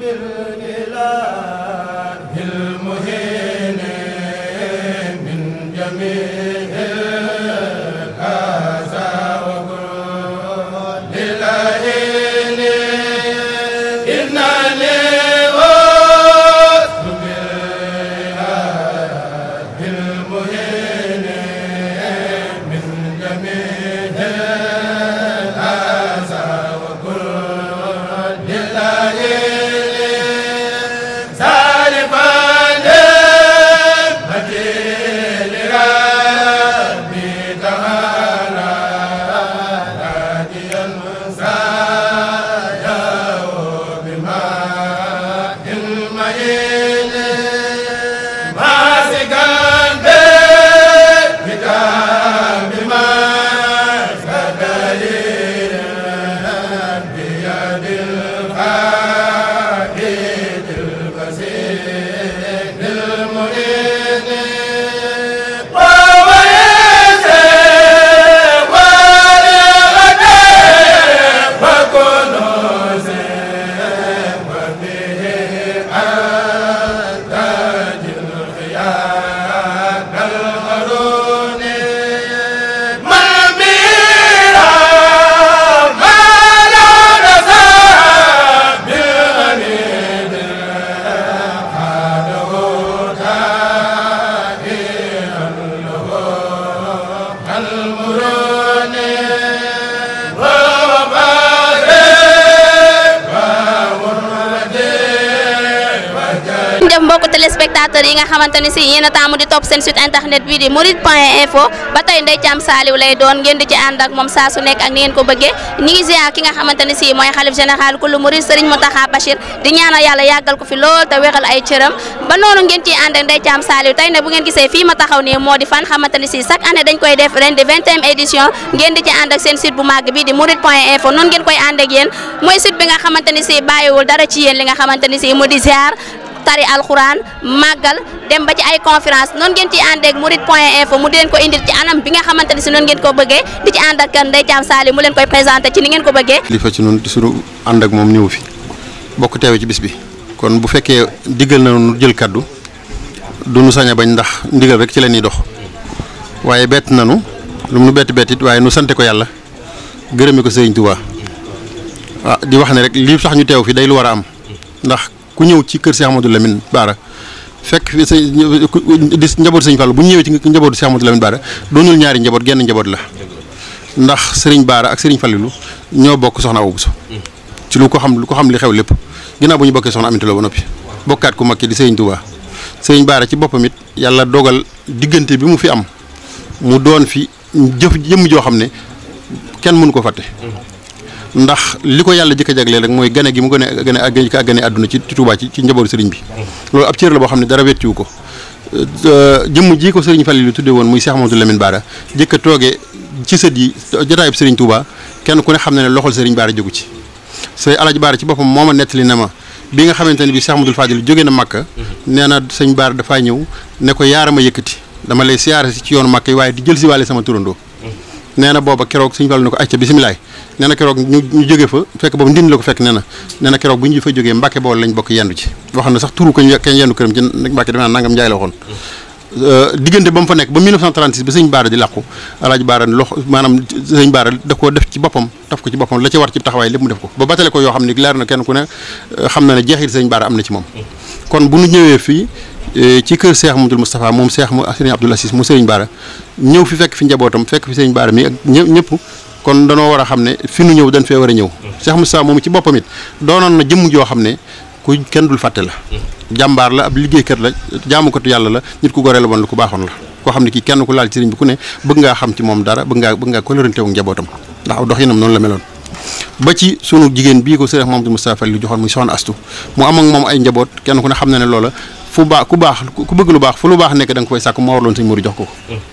梅兰。téléspectateurs yi nga xamante ni si a taamu di topp seen site internet bi di mourides point info ba tey Ndeye Thiam Saliou lay doon ngeen di ci ànd moom saa su nekk ak ni ngeen ko bëggee ñi ngi ziar ki nga xamante ni mooy xalif général kullu mouride Serigne Mountakha Bachir di ñaanal yàlla yàggal ko fi lool te wéral ay cëram ba noonu ngeen ciy ànd ak Ndeye Thiam tey ne bu ngeen gisee fii ma taxaw nii moo di fan xamante ni si chaque année dañ koy def ren di vingtième édition ngeen di ci ànd ak seen site bu màgg bi di mourides point info noonu ngeen koy ànd ak yéen mooy site bi nga xamante ni si bàyyiwul dara ci li nga xamante ni si mu tari alxuraan màggal dem ba ci ay conférence noonu ngeen ci ànd ak murid point info mu di leen ko indil ci anam bi nga xamante ne si noonu ngeen ko bëggee di ci ànd ak Ndeye Thiam Sali mu leen koy présenté ci ni ngeen ko bëggee. li fa ci noonu di ànd ak moom ñëw fi bokk teewe ci bis bi kon bu fekkee diggal na nu jël kaddu du nu sañ bañ ndax ndigal rek ci la ñuy dox waaye bett nu lu nu bett bett it waaye nu sante ko yàlla gërëme ko sëriñ Tuubaa ah, di wax ne rek lii tax ñu teew fi day lu war a am ku ñëw ci kër Cheikh Amadou Lamine Bara fekk fi sa di njaboot sëñ Fallou bu ñëwee ci njabootu Cheikh Amadou Lamine Bara doonul ñaari njaboot genn njaboot la ndax sëriñ Bara ak sëriñ Fallou ñoo bokk soxna Awa Bousso ci lu ko xam lu ko xam li xew lépp ginnaaw bu ñu bokkee soxna Aminta Lo ba noppi bokkaat ku mag ki di sëriñ Touba sëriñ Bara ci boppam it yàlla dogal diggante bi mu fi am mu doon fi jëf jëmm joo xam ne kenn mënu ko fàtte ndax li ko yàlla jëkk a jagleel rek mooy gane gi mu gën a gën a gën a gane àdduna ci ci Touba ci ci njabootu sëriñ bi mm-hmm. loolu ab cër la boo xam ne dara wettiwu ko euh, jëmm jii ko sëriñ Fallilu tuddee woon muy Cheikh Mamadou Lamine Bara jëkk a toogee ci sët yi jotaayub sëriñ Touba kenn ku ne xam na ne loxol sëriñ Bara jógu ci say alaj Bara ci boppam moo ma nettali na ma bi nga xamante ne bi Cheikh Mamadou Fadil jóge na Makka mm-hmm. nee na sëñ Bara dafaa ñëw ne ko yaara ma yëkkati dama lay siyaare si ci yoonu Makka yi waaye di jël si waale sama turandoo nee na booba keroog suñu wàllu na ko acca bisimilaay nee na keroog ñu ñu jóge fa fekk boobu ndin la ko fekk nee na nee na keroog bu ñu fa jógee mbàkke bool lañ bokk yendu ci waxoon na sax turu ko euh, boppam la ci war ci taxawaay lépp mu def ko ba batale ko yoo xam ne leer kenn ku ne euh, xam na ne jeexit sëñ Baara am na ci moom kon bu ñu ñëwee fii Euh, ci kër Cheikh Mamadou Moustapha moom Cheikh mu Serigne Abdoul Aziz mu ñëw fi fekk fi njabootam fekk fi Serigne Bara mi ñëpp kon danoo war a xam ne fi nu ñëw dañ fee war a ñëw. Cheikh Moustapha moom ci boppam doonoon na jëmm joo xam ne ku kenn dul fàtte la. jàmbaar la ab liggéeykat la jaamukatu yàlla la nit ku gore la woon lu ku baaxoon koo xam ne kii kenn ku laal Serigne bi ku ne bëgg ngaa xam ci moom dara bëgg ngaa bëgg ngaa colorante wu njabootam ndax doxinam noonu la meloon. ba ci sunu jigéen bii ko Serigne Mamadou Moustapha li joxoon muy soxna astu mu am moom ay njaboot kenn ku ne xam na ne loola fu ba ku bax ku bëgg lu bax fu lu bax nek da nga koy sakku moo warloon sëñ Mourou jox ko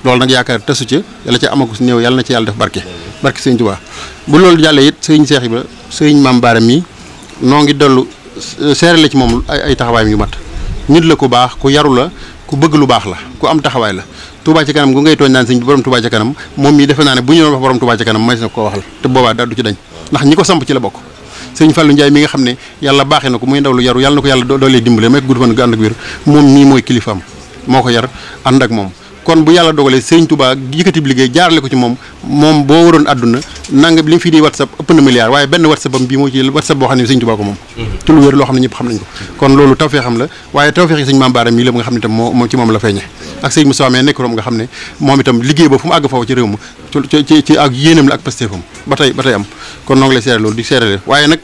lool nak yaakaar tassu ci yalla ci amagu neew yalla na ci yalla def barké barké señ Touba bu lool jàllee yit señ Cheikh Ibra señ mam Bara mi noo ngi dollu séré la ci mom ay taxaway yu mat nit la ku bax ku yaru la ku bëgg lu bax la ku am taxaway la Touba ci kanam gu ngay toñ nan señ borom Touba ci kanam mom mi defé na ne bu ñu wax borom Touba ci kanam may na ko waxal te boba da du ci dañ ndax ñiko samp ci la bokk sëñ Fallou Ndiaye mi nga xam ne yàlla baaxee na ko muy ndaw lu yaru yàlla na ko yàlla doolee dimbale may gudd fan gu moom mii mooy kilifaam moo ko yar ànd ak moom kon bu yàlla dogalee sëñ Touba yëkkati bi liggéey jaarale ko ci moom moom boo waroon àdduna nanga li mu fi di whatsapp ëpp na milliard waaye benn whatsapp am moo ci whatsapp boo xam ne sëñ Touba ko moom ci lu loo xam ne ñëpp xam nañ ko kon loolu tawfeex am la waaye tawfeex yi sëñ Maam ak sëñ Moussa mais nekk rom nga xam ne moom itam liggéey ba fu mu àgg foofu ci réew ma ci ak yéenam la ak pastéefam ba tey ba tey am kon noo ngi seere loolu di seerale waaye nag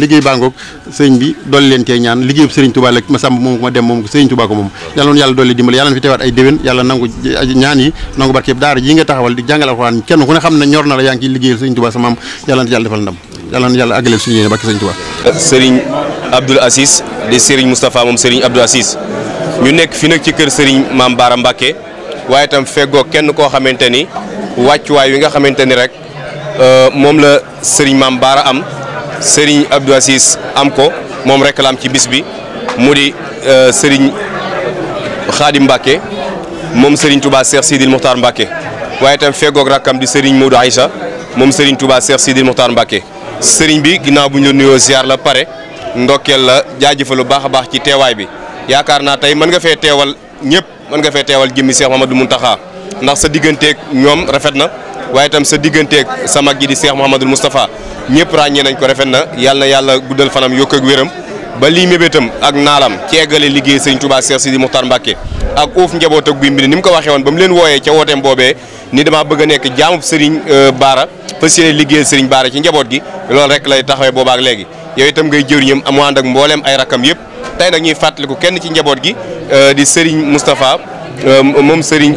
liggéey baangoog sëriñ Touba ma sàmb moom ko ma dem moom ko sëriñ Touba ko moom yàlla noonu yàlla na fi teewaat ay déwén yàlla nangu ñaan yi nangu barkeeb daara yi nga taxawal di jàngal alxuraan kenn ku ne xam ne ñor na la yaa ngi liggéeyal sëriñ Touba sa defal ndam yàlla na yàlla àggale suñu yéene barke sëñ Tuubaa sëriñ Abdoul Aziz di sëriñ Moustapha moom sëriñ Abdoul Aziz ñu nekk fi nag ci kër sëriñ Maam Baara Mbàkke waaye tam feggoo kenn koo xamante ni wàccuwaay wi nga xamante ni rek euh, moom la sëriñ Maam Baara am sëriñ Abdoul Aziz am ko moom rek la am ci bis bi mu di euh, sëriñ Xaadim Mbàkke moom sëriñ Touba Cheikh Sidil Mokhtar Mbàkke waaye itam feggoog rakkam di sëriñ Modou Aïcha moom Serigne Touba Cheikh Sidi Mokhtar Mbacke Serigne bi ginnaaw bu ñu la nuyoo ziar la pare ndokkeel la jaajëfal lu baax a baax ci teewaay bi yaakaar naa tey mën nga fee teewal ñëpp mën nga fee teewal jëmmi Cheikh Mouhamadou Mountakha ndax sa digganteeg ñoom rafet na waaye itam sa digganteeg sa mag ji di Cheikh Mouhamadou Moustapha ñëpp ràññee nañ ko rafet na yàlla na yàlla guddal fanam yokk ak wéram ba lii mébétam ak naalam ci eggale liggéey Serigne Touba Cheikh Sidi Mokhtar ak uuf njaboot ak bi mbi ko waxee woon mu leen wooyee ca wooteem boobee ni damaa bëgg a nekk jaamub sëriñ euh, Baara fas yéene liggéeyal sëriñ Baara ci njaboot gi loolu rek lay taxawee boobaak léegi yooyu itam ngay jëriñam amu ànd ak mbooleem ay rakam yëpp tey nag ñuy fàttaliku kenn ci njaboot gi euh, di sëriñ euh, Moustapha moom sëriñ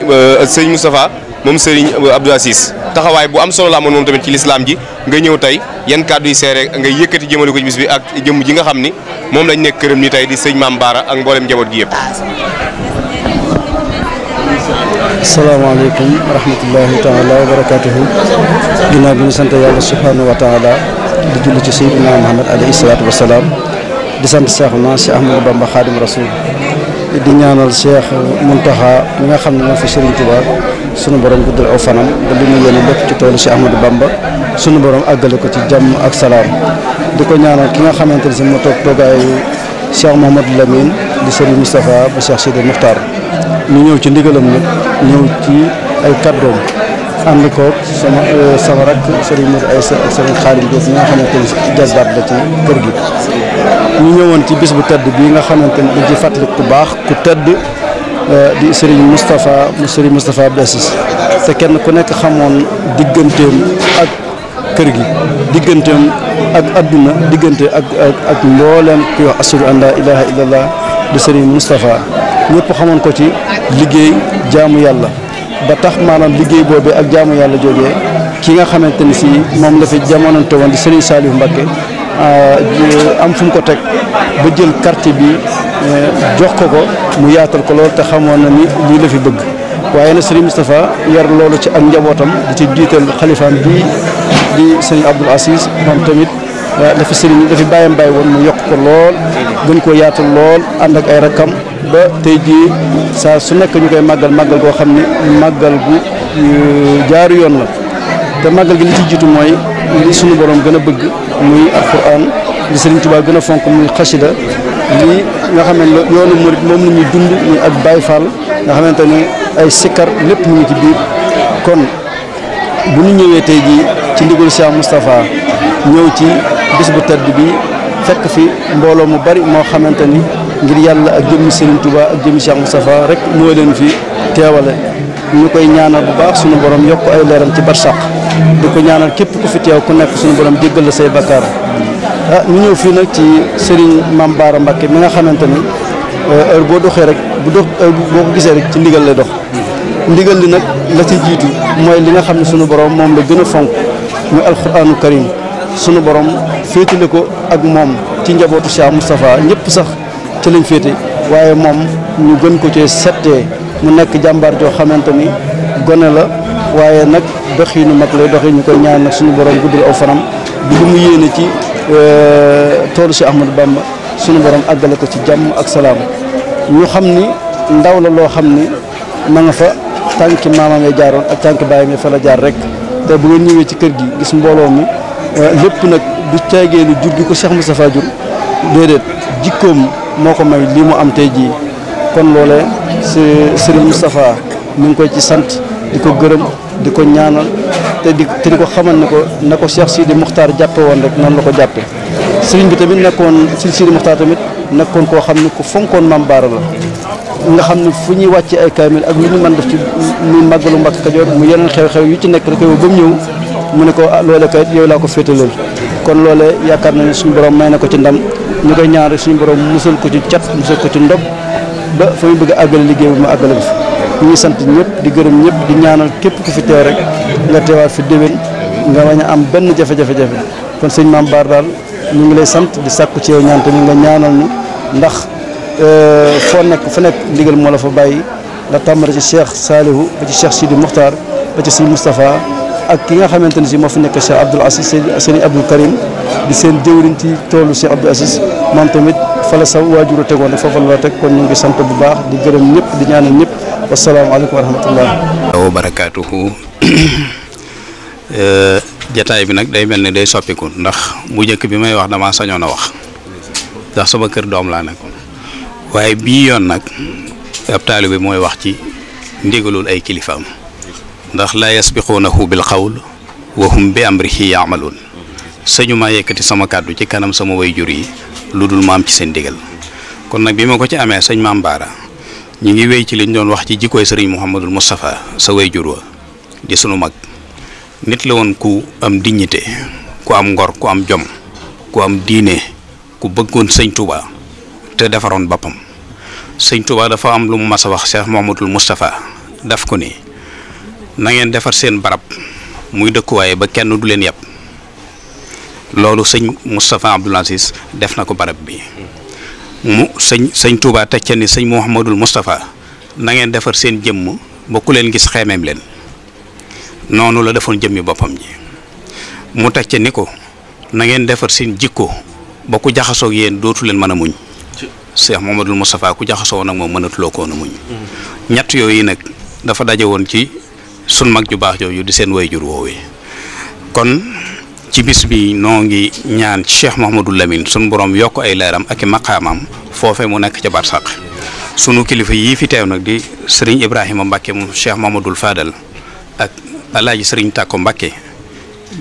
sëriñ Moustapha moom sëriñ Abdou Aziz taxawaay bu am solo la amoon moom tamit ci lislaam ji nga ñëw tey yan kàddu yi seere ngay yëkkati jëmale ko ci bi ak jëmm ji nga xam ni moom lañ nekk këram ni tey di sëriñ Maam Baara ak mbooleem njaboot yëpp Assalamualaikum, warahmatullahi rahmatullahi taala wabarakatuh. barakatuhu ginnaaw bi ñu subhanahu wa taala di julli ci sayyidina Muhammad alayhi salaatu wasalaam di cheikh Seexuna cheikh ahmed Bamba khadim Rasul di ñaanal cheikh muntaha mi nga xamne mo fi serigne touba sunu borom guddal aw fanam ba li mu ci tolu cheikh ahmed Bamba sunu borom agal ko ci jamm ak salam di ko ñaanal ki nga xamanteni ne si moo cheikh mohammed Lamine di serigne Moustapha bu cheikh Sidi muhtar ñu ñëw ci ndigalam nag ñëw ci ay kàddoom ànd koog sama euh, sama rakk Serigne Modou ay ak Serigne Khadim Diop ñi xamante ni jazbaat la ci ñu ñëwoon ci bis bu tedd bii nga xamante ni dañ ci fàttali ku baax ku tëdd euh, di Serigne Moustapha Serigne Moustapha Bessis te kenn ku nekk xamoon digganteem ak kër gi digganteem ak adduna diggante ak ak ak mbooleem kuy wax ashadu an laa ilaaha illallah di Serigne Moustapha ñëpp xamoon ko ci liggéey jaamu yàlla ba tax maanaam liggéey boobee ak jaamu yàlla joojee ki nga xamante ni si moom la fi jamonante woon di Serigne Saliou Mbacké euh, am fu ko teg ba jël quartier bi euh, jox ko ko mu yaatal ko lool te xamoon na ni lii la fi bëgg waaye nag Serigne Moustapha yar loolu ci ak njabootam di ci jiital xalifaan bi di Serigne Abdoul Aziz moom tamit dafa euh, Serigne dafa bàyyam bàyyi woon mu yokk ko lool gën koo yaatal lool ànd ak ay rakkam ba tay sa sa su nek ñukay magal magal go xamni magal gu jaar yoon la te magal gi li ci jitu moy li sunu borom gëna bëgg muy alquran li Serigne Touba gëna fonk muy khashida li nga xamne yoonu murid mom la ñuy dund muy ak Baye Fall nga xamante ay sikkar lepp ñu ci biir kon bu ñu ñëwé tay ji ci ndigul Cheikh mustapha ñëw ci bis bu tedd bi fekk fi mbolo mu bari mo xamanteni ngir yàlla ak jëmmi Serigne Touba ak jëmmi Cheikh Moustapha rek moo leen fi teewale ñu koy ñaanal bu baax suñu borom yokk ay leeram ci barsàq di ko ñaanal képp ku fi teew ku nekk sunu borom jéggal la say bakkaar ah ñu ñëw fii nag ci Serigne Mame Bara Mbacké mi nga xamante ni euh, heure boo doxee rek bu dox boo ko gisee rek ci ndigal la dox ndigal li nag la ci jiitu mooy li nga xam ne suñu borom moom la gën a fonk muy alquranu karim sunu borom féetale ko ak moom ci njabootu Cheikh Moustapha ñëpp sax. ci féete waaye moom ñu gën ko cee settee mu nekk jàmbaar joo xamante ni gone la waaye nag doxinu mag lay doxi ñu koy ñaan nag suñu borom guddal aw fanam bi li mu yéene ci euh, toolu si Ahmadou Bamba suñu borom àggale ko ci jàmm ak salaam ñu xam ni ndaw la loo xam ni ma nga fa tànki maama ngay jaaroon ak tànki bàyyi mi fa la jaar rek te bu ngeen ñëwee ci kër gi gis mbooloo mi euh, lépp nag du caagee ni jur gi ko Cheikh Moustapha jur déedéet jikkoom moo ko may lii mu am tey jii kon loole si Serigne Moustapha mi koy ci sant di ko gërëm di ko ñaanal te di te di ko xamal ne ko na ko Cheikh di Muxtaar jàppe woon rek noonu la ko jàppe Serigne bi tamit nekkoon Sidi Sidi Muxtaar tamit nekkoon koo xam ne ku fonkoon Maam Baara la nga xam ne fu ñuy wàccee ay kaamil ak lu ñu mën def ci muy lu Mbàkke Kajoor mu yeneen xew-xew yu ci nekk rek ba mu ñëw mu ne ko ah, loole kayit yow laa ko féetaleel kon loole yaakaar nañu suñu borom may na ko ci ndam ñu koy ñaan rek suñu borom musal ko ci cat musal ko ci ndob ba fa mu bëgg a àggale liggéey bi mu àggale ko fi ñuy sant ñëpp di gërëm ñëpp di ñaanal képp ku fi teew rek nga teewaat fi déwén nga wañ a am benn jafe-jafe-jafe kon sëñ Maam Bara daal ñu ngi lay sant di sàkku ci yow ñaan tamit nga ñaanal ñu ndax euh, foo nekk fa nekk ndigal moo la fa bàyyi nga tàmbali ci Cheikh Salihu ba ci Cheikh Sidi Mokhtar ba ci sëñ Moustapha ak ki nga xamanteni ci mo fi nek Cheikh Abdoul assis Serigne Abdoul Karim di sen jëwriñ ci toolu Cheikh Abdoul assis man tamit fala la sa waajur a tegoon rek la tek kon ñu ngi sante bu baax di gërëm ñep di ñaanal assalamu alaykum wa rahmatullah wa euh jotaay bi nak day melni day soppi ko ndax bu jekk bi may wax dama sañu na wax ndax sama kër doom la nekkon waye bi yon nak ab taalibe wax ci ndigalul ay kilifaam ndax la yasbiqunahu bil qawl wa hum bi amrihi ya'malun señu ma yekati sama kàddu ci kanam sama wayjur yi lu maam ci seen digal kon nak bima ko ci amé sëñ maam bara ñi ngi wéy ci liñ doon wax ci jikko señ muhammadul mustafa sa wayjur wa di sunu mag nit la won ku am dignité ku am ngor ku am jom ku am diine ku bëggoon sëñ Touba te defaroon boppam sëñ Touba dafa am lu mu mas wax Cheikh Mouhamadul Moustapha daf ko ni na ngeen defar seen barab muy dëkkuwaay ba kenn du leen yàpp loolu sëñ Moustapha Abdoul Aziz def na ko barab bi mu sëñ sëñ Touba teg ca ni sëñ Mouhamadul Moustapha na ngeen defar seen jëmm ba leen gis xeemeem leen noonu la defoon jëmmi boppam ji mu teg ca ni ko na ngeen defar seen jikko ba ku jaxasoog yéen dootu leen mën a muñ Cheikh Mouhamadul Moustapha ku jaxasoo nag moom mënatuloo koon a muñ mm-hmm. ñett yooyu nag dafa daje woon ci sun mag ju bax jooju di sen wayjur wowe kon ci bis bi nongi ñaan cheikh lamin sun borom yok ay leeram ak maqamam fofé foofe mu nekk ca barsak sunu kilifa yi fi tew nak di serigne ibrahima mbàkke mu cheikh mahmadul fadal ak alaaji serigne takko mbàkke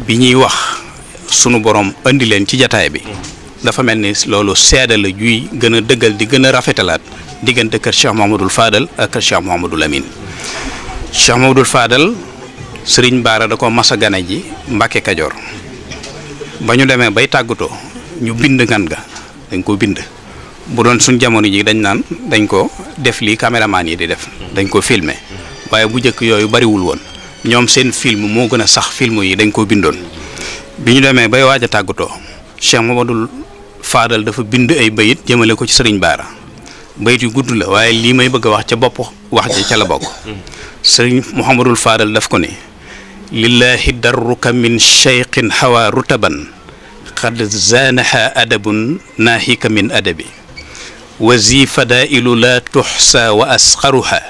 bi ñi wax sunu borom andi len ci jotaay bi dafa melni lolu sédal seede la juy gën a di gëna rafetalat digënté cheikh fadal ak kër cheikh mahmadul lamin Cheikh dul faadal sëriñ Baara da ko masa gane ji Mbàkke Kajoor ba ñu demee bay tàggatoo ñu bind ngan ga dañ koo bind bu doon suñ jamono ji dañ naan dañ ko def lii caméraman yi di def dañ koo filmer waaye bu njëkk yooyu bariwul woon ñoom seen film moo gën a sax film yi dañ koo bindoon bi ñu demee bay waaj a tàggatoo Cheikh Mamadou Fadal dafa bind ay bayit jëmale ko ci sëriñ Baara bayit yu gudd la waaye lii may bëgg a wax ca bopp wax ji ca la bokk سرين محمد الفارل لفكني لله درك من شيق حوى رتبا قد زانها أدب ناهيك من أدبي وزي فدائل لا تحصى وأسقرها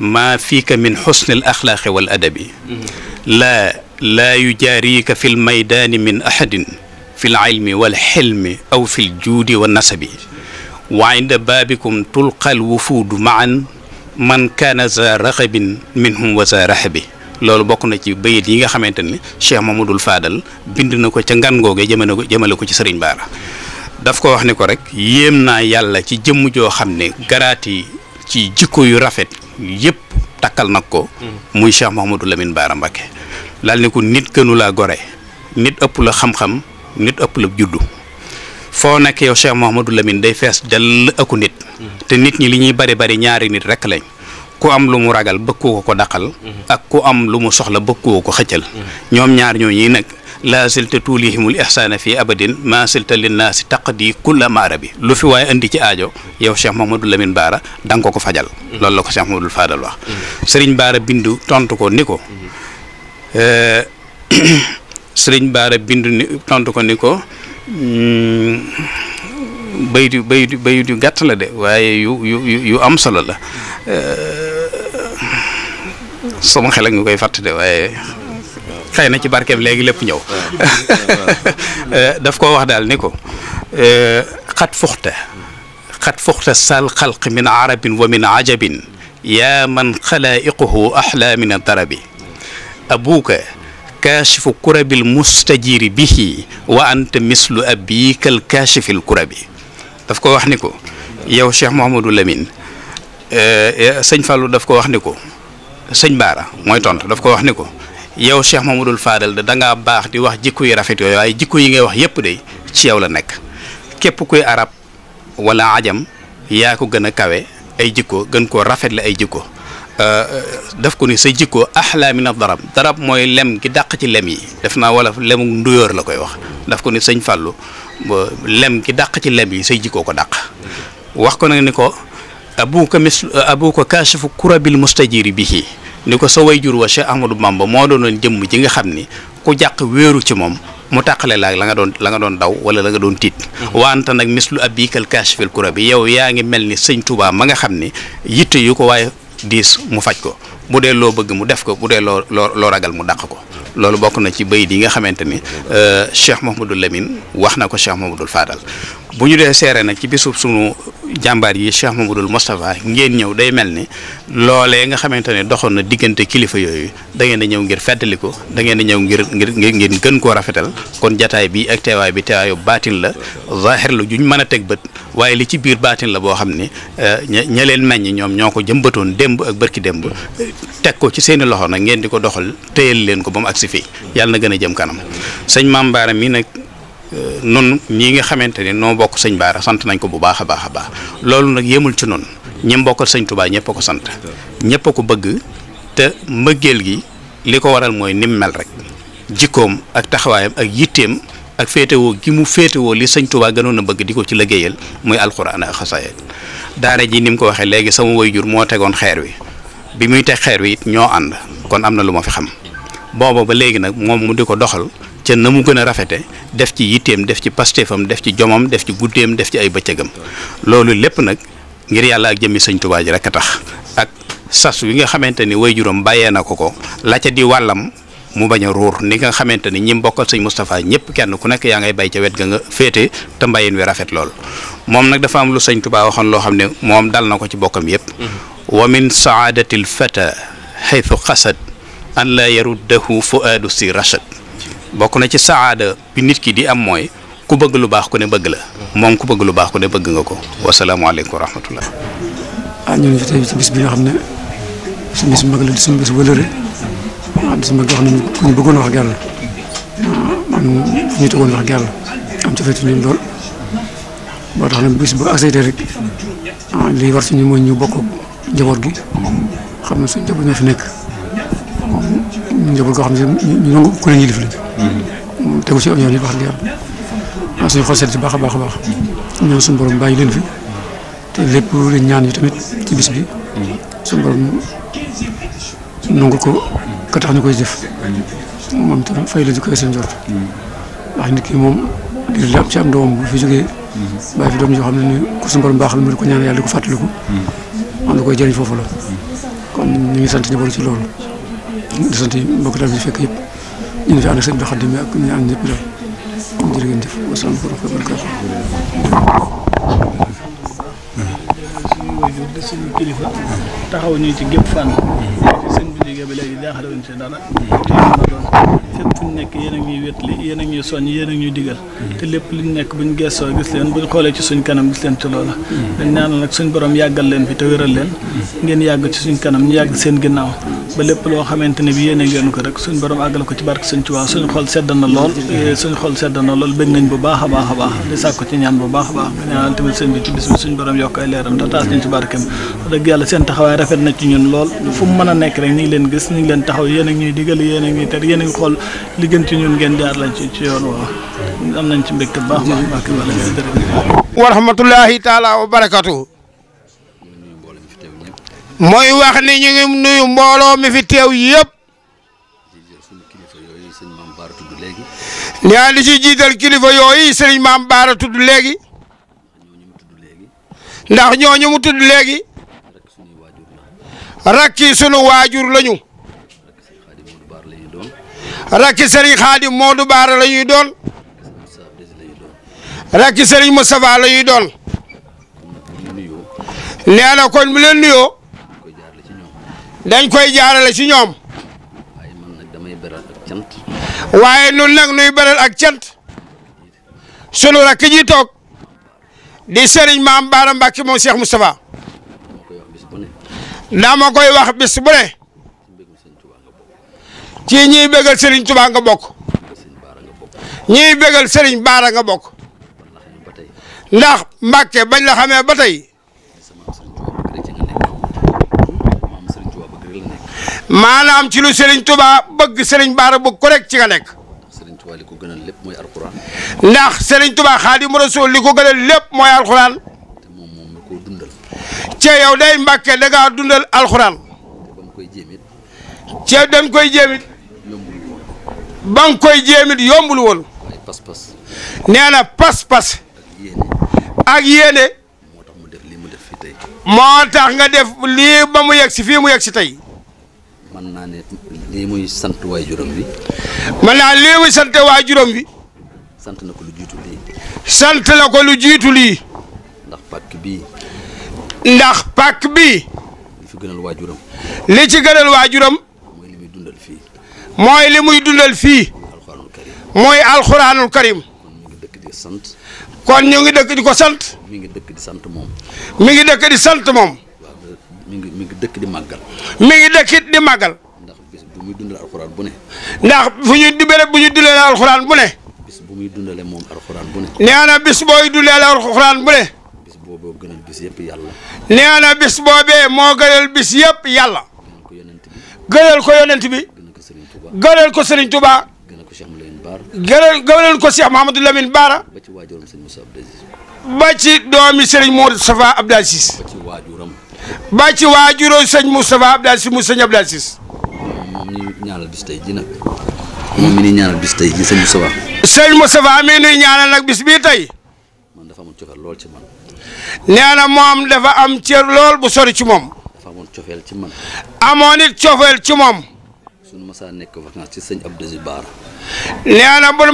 ما فيك من حسن الأخلاق والأدب لا لا يجاريك في الميدان من أحد في العلم والحلم أو في الجود والنسب وعند بابكم تلقى الوفود معا man kaana za raxabin minhum wa za raxabi loolu bokk na ci bayit yi nga xamante ne Cheikh Mamadul Faadal bind na ko ca ngan googe jëmale ko jëmale ko ci Sëriñ Baara daf ko wax ni ko rek yéem naa yàlla ci jëmm joo xam ne garaati ci jikko yu rafet yëpp takkal nag ko hmm. muy Cheikh Mamadou Lamine Baara Mbacké daal ni ko nit gënu laa gore nit ëpp la xam-xam nit ëpp la juddu foo nekk yow Cheikh Mouhamadou Lamine day fees dell aku nit te nit ñi li ñuy bari bari ñaari nit rek lañ ku am lu mu ragal bëggoo ko ko daqal mhm. ak ku am lu mu soxla bëggoo ko xëccal mhm. ñoom ñaar ñooñu nag laa silta tuulihimul ihsaana fii abadin maa silta linnaasi taqdi kulla maara bi lu fi waaye indi ci aajo yow seex Mouhamadou Lamine Baara da nga ko ko fajal mhm. loolu la ko Cheikh Mouhamadou Fadal wax sëriñ Baara bindu ko ni ko eh, sëriñ Baara bindu ni tontu ko ni ko bayit yu bayit yu bayit yu gàtt la de waaye yu yu yu am solo la sama xel ak nga koy fàtte de waaye xëy na ci barkeem léegi lépp ñëw daf koo wax daal ni ko xat fuxta xat fuxta sal xalq min arabin wa min ajabin yaa man xalaa'iquhu axlaa min darabi abuuka kaashifu kurabil mustajiri bihi wa anta mislu abikal kaashifil kurabi daf ko wax ni ko yow Cheikh Mouhamadou Lamine sëñ Fallou daf ko wax ni ko sëñ Baara mooy tont daf ko wax ni ko yow Cheikh Mouhamadoul Fadal da dangaa baax di wax jikko yu rafet yooyu waaye jikko yi ngay wax yépp de ci yow la nekk képp kuy arab wala ajam yaa ko gën a kawe ay jikko gën koo rafet la ay jikko Euh, daf ko ni sa jikko axlaa min darab darab mooy lem gi dàq ci lem yi def naa wala lemu nduyoor la koy wax daf ko ni sëñ Fallou lem gi dàq ci lem yi say jikkoo ko dàq wax ko nag ni ko abuka mis abuka kaashifu kurabil mustajiri bihi ni ko sa wayjur wa Cheikh Ahmadou Bamba moo doonoon jëmm ji nga xam ni ku jàq wéeru ci moom mu tàqale laag la nga doon la nga doon daw wala la nga doon tiit mm-hmm. waante nag mislu abikal kaashifil kurabi yow yaa ngi mel ni sëñ tubaa ma nga xam ni yitte yu ko waaye diis mu faj ko bu dee loo bëgg mu def ko bu dee loo loo loo ragal mu dàq ko loolu bokk na ci bayit yi nga xamante ni euh, Cheikh Mouhamadul Lamine wax na ko Cheikh Mouhamadul Fadal bu ñu dee seere nag ci bisub sunu jàmbaar yi Cheikh Mamadou Moustapha ngeen ñëw day mel ni loolee nga xamante ne doxoon na diggante kilifa yooyu da ngeen di ñëw ngir fettali ko da ngeen di ñëw ngir ngir ngeen gën koo rafetal kon jataay bi ak teewaay bi teewaayu baatin la zahir la juñ mën a teg bët waaye li ci biir baatin la boo xam ne eh, ña leen meññ ñoom ñoo ko jëmbatoon démb ak bërki démb teg ko ci seeni loxo nag ngeen di ko doxal téyal leen ko ba mu agsi fii yàlla na gën a jëm kanam sëñ Mame Bara mi nag Euh, nun ñi nga xamante ni noo bokk sañ Baara sant nañ ko bu baax a baax a baax loolu nag yemul ci noonu ñim bokkal sëñ Touba ñëpp a ko sant ñëpp a ko bëgg te mbëggeel gi li ko waral mooy nim mel rek jikkoom ak taxawaayam ak yitteem ak féetewoo gi mu féetewoo li sëñ Touba gënoon a bëgg di ko ci liggéeyal muy alxuraan ak xasaayid daara ji ni mu ko waxee léegi sama jur moo tegoon xeer wi bi muy teg xeer wi it ñoo ànd kon am na lu ma fi xam booba ba léegi nag ca na mu gën a rafete def ci yitteem def ci pasteefam def ci jomam def ci guddeem def ci ay bëccëgam loolu lépp nag ngir yàlla ak jëmmi sëñ Tuubaa ji rek a tax ak sas wi nga xamante ni way juróom bàyyee na ko ko la ca di wàllam mu bañ a ruur ni nga xamante ni ñi mbokkal sëñ Moustapha ñëpp kenn ku nekk yaa ngay bay ca wet ga nga féete te mbayin wi rafet lool moom nag dafa am lu sëñ Tuubaa waxoon loo xam ne moom dal na ko ci bokkam yëpp mm-hmm. wa min saadatil fata xaytu xasad an la si rachad bokk na ci saada bi nit ki di am mooy ku bëgg lu baax ku ne bëgg la moom ku bëgg lu baax ku ne bëgg nga ko wasalaamaaleykum wa rahmatullah ah ñu ngi bi nga xam ne suñu bis mag la di suñu bis wëlëre ah bis mag wax nañu ku ñu bëggoon wax ak yàlla ah, am fu ci feetu leen lool boo tax na bis bu accepté rek ah lii war suñu mooy ñu bokk njaboot gi xam ne suñu njaboot ñu fi nekk njaboot ko xam ne ñu nangu ku leen yilif lañ mm-hmm. tegu ci yoon yi wax dëgg yàlla waaw suñu si baax a baax a baax ñaan suñu borom bàyyi leen fi te lépp lañ ñaan yi tamit ci bis bi mm-hmm. suñu borom nangu ko ka tax koy def moom tam fay la ju koy seen jort mm-hmm. ndax moom la am doom bu fi jógee bàyyi fi doom yoo xam ne ni ko suñu borom baaxal mu di ko ñaan yàlla di ko fàttaliku am lu koy jëriñ foofu la kon ñu ngi sant ñëpp ci loolu di sant mbokk daal di fekk yëpp ñu ngi ñu ànd ñëpp daal jërë kilifa taxaw ñu ci gépp fànn ci sëñ bi liggéey bi léegi jaaxale wuñ ci dara te nekk yéen ñuy wétli yéen a ñuy yéen a ñuy te lépp lu ñu nekk buñ gëstoo gis leen buñ xoolee ci suñ kanam gis leen ci dañ ñaanal nag suñ borom yàggal leen fi te wéral leen ngeen yàgg ci suñ kanam ñu yàgg seen ginnaaw ba lépp loo xamante ne bi yéene ngeen ko rek suñ borom àggale ko ci barke sëñ Tuubaa suñ xol sedd na lool eh, suñ xol sedd na lool bëgg bu baax a baax a baax di sàkku ci ñaan bu baax a baax mu a nekk rek ñu leen gis ñu leen taxaw yéen a ñuy digal yéen a ter yéen a ngi xool ci ñun ngeen jaar lañ ci ci yoon waaw am nañ ci mbégte baax baax baax wa rahmatullahi taala wa barakatuh mooy wax ni ñu nuyu mbooloo mi fi teew yëpp. ñaa li ci jiital kilifa yooyu sëriñ maam Baara tudd léegi. ndax ñooñu mu tudd léegi. rakki sunu waajur lañu. rakki sëriñ Xaadim Moodu Baara la ñuy doon. rakki sëriñ Moustapha la ñuy doon. nee na kon mu leen nuyoo. dañ koy jaarale ci ñoom. waaye man nag ak cant. waaye nun nuy beral ak cant sunu rakk ji toog di sëriñ maam Baara Mbacke moom Cheikh Moustapha. daa ma koy wax bis bu ne. ci ñiy bégal sëriñ Tuubaa nga bokk. ñiy bégal sëriñ Baara nga bokk. ndax Mbacke bañ la xamee ba tey. maanaam ci lu Serigne Touba bëgg Serigne Bara bëgg ko rek ci nga nekk. Serigne Touba lépp mooy alxuraan. ndax Serigne Touba Xaadimu Rasuul li ko gënal lépp mooy alxuraan. te moom moom yow day Mbàkke da dundal alxuraan. te ba mu koy jéemit. ca dañ koy jéemit. yombul woon. ba koy jéemit yombul woon. waaye pas-pas. nee na ak yéene. moo tax nga def lii ba mu yegg si fii mu yegg si tey. mën naa ne muy sant waay juróom naa lii muy sant na ko lu jiitu lii lii ndax pàkk bii ndax pàkk bii li fi gënal waay juróom li mooy li muy dundal fii mooy li alxuraanul karim kon ñu ngi dëkk di ko sant mi ngi sant moom mi ngi dëkk di sant moom ngi dëkk di màggal. mi ngi dëkkit di màggal. ndax bis bu muy dundal alxuraan bu ne. ndax fu ñu di béréb bu ñu dundalee alxuraan bu ne. bis bu muy dundalee moom alxuraan bu ne. nee na bis booy dundalee alxuraan bu ne. bis booboo gënal bis yëpp yàlla. nee na bis boobee moo gënal bis yëpp yàlla. gënal ko yonent bi. gënal ko Serigne Touba. gënal ko Cheikh Mouhamadou Lamine Baara. gënal gënal ko Cheikh Mouhamadou Lamine Baara. ba ci waajuram Serigne Moussa Abdou Aziz. ba ci doomi Serigne Moustapha Abdou Aziz. ba ci waajuram. ba ci waa sëñ Moustapha Abdou Aziz mu sëñ Abdou Aziz. moom ñu ñaanal bis ji nag moom mi ñuy ñaanal bis tey ji sëñ Moustapha. mi ñuy nag bis bii tey. man dafa amoon cofeel lool ci man. nee na moom dafa am cër lool bu sori ci moom. dafa amoon cofeel ci man. amoon it cofeel ci moom. suñu masaa nekk vacance ci sëñ Abdou Aziz Baara. nee na bu nu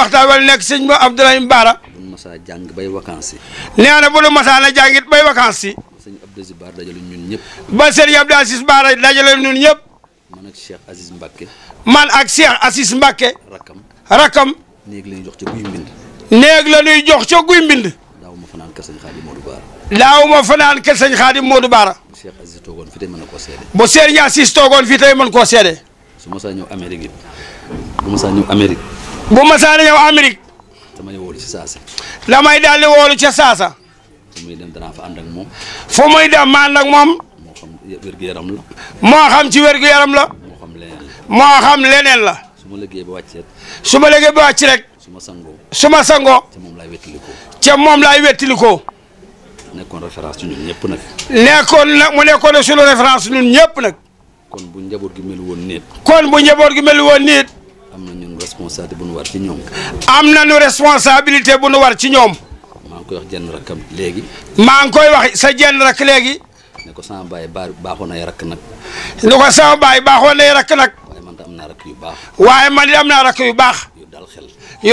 waxtaan wala nekk sëñ Abdoulaye Baara. masaa jàng bay vacances yi nee na bu nu masaa na jàngit bay vacances yi ba sëñ Abdou Aziz Baar dajale ñun ñëpp ba sëñ Abdou Aziz Baar dajale ñun ñëpp man ak Cheikh Aziz Mbacke man ak Cheikh Aziz Mbacke rakam rakam néeg la ñuy jox ca guy mbind néeg la ñuy jox ca guy mbind daaw ma fanaan kër sëñ Xaadim Modou Baara daaw ma fanaan kër sëñ Xaadim Modou Baara bu Cheikh Aziz toogoon fii tey mën na koo seede bu sëñ Aziz toogoon fii tey mën koo seede su masaa ñëw Amérique it bu masaa ñëw Amérique bu masaa ñëw Amérique damay wóolu ci saasa. damay daal di wóolu ca saasa. fu muy dem danaa fa ànd ak moom. fu muy dem ma ànd ak moom. moo xam wér-gu-yaram la. moo xam ci wér-gu-yaram la. moo xam leneen la. moo xam leneen la. su ma liggéey ba wàcc rek. su ma liggéey ba wàcc rek. su ma sangoo. su ma sangoo. ca moom laay wettilikoo. ca moom laay wettilikoo. nekkoon référence ci ñun ñëpp nag. nekkoon nag mu nekkoon ne sunu référence ñun ñëpp nag. kon bu njaboot gi melu woon nit. kon bu njaboot gi melu woon nit. am na ñun responsabilité bu nu war ci ñoom. am na ñu responsabilité bu nu war ci ñoom. maa ngi koy wax jenn léegi. maa ngi koy wax sa jenn rakk léegi. ne ko sama baay baaxoon ay rakk nag. ne ko sama baay baaxoon ay rakk nag. waaye man am naa rakk yu baax. waaye man am naa rakk yu baax. yu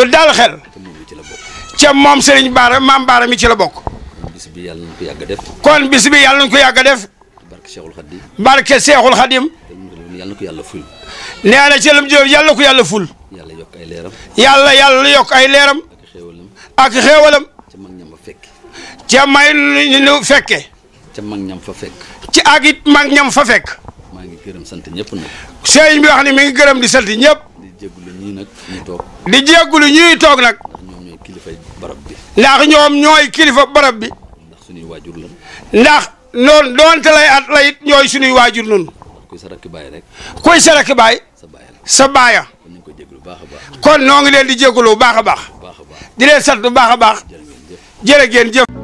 dal xel. yu ci la bokk. ca moom Serigne maam Baara mi ci la bokk. kon bis bi yàlla nañ ko yàgg def. kon bis bi yàlla nañ ko yàgg a def. barke Cheikhul Khadim. barke Cheikhul Khadim. yàlla ko yàlla ful. nee na Thiel Diop yàlla ko yàlla ful. yàlla yokk ay leeram. yàlla yàlla yokk ay leeram. ak xéewalam. ak xéewalam. ca mag ñam fa fekke. ca may nu fekke. ca mag ñam fa fekk. ci ak it mag ñam fa fekk. maa ngi gërëm sant ñëpp nag. sëñ bi wax ni mi ngi gërëm di sant ñëpp. di jégalu ñii nag ñuy toog. di jégalu ñuy toog nak, ndax ñoom ñooy kilifa barab bi. ndax ñoom ñooy kilifa barab bi. ndax suñuy waajur la. ndax noonu doonte lay at la it ñooy suñuy waajur kuy sa rakk baay rek. kuy sa rakk baay. sa baay sa baaya. kon ñu ngi a baax. kon noo ngi leen di jégalu baax a baax. baax a baax di leen sant bu baax a baax. jërë ngeen jëf.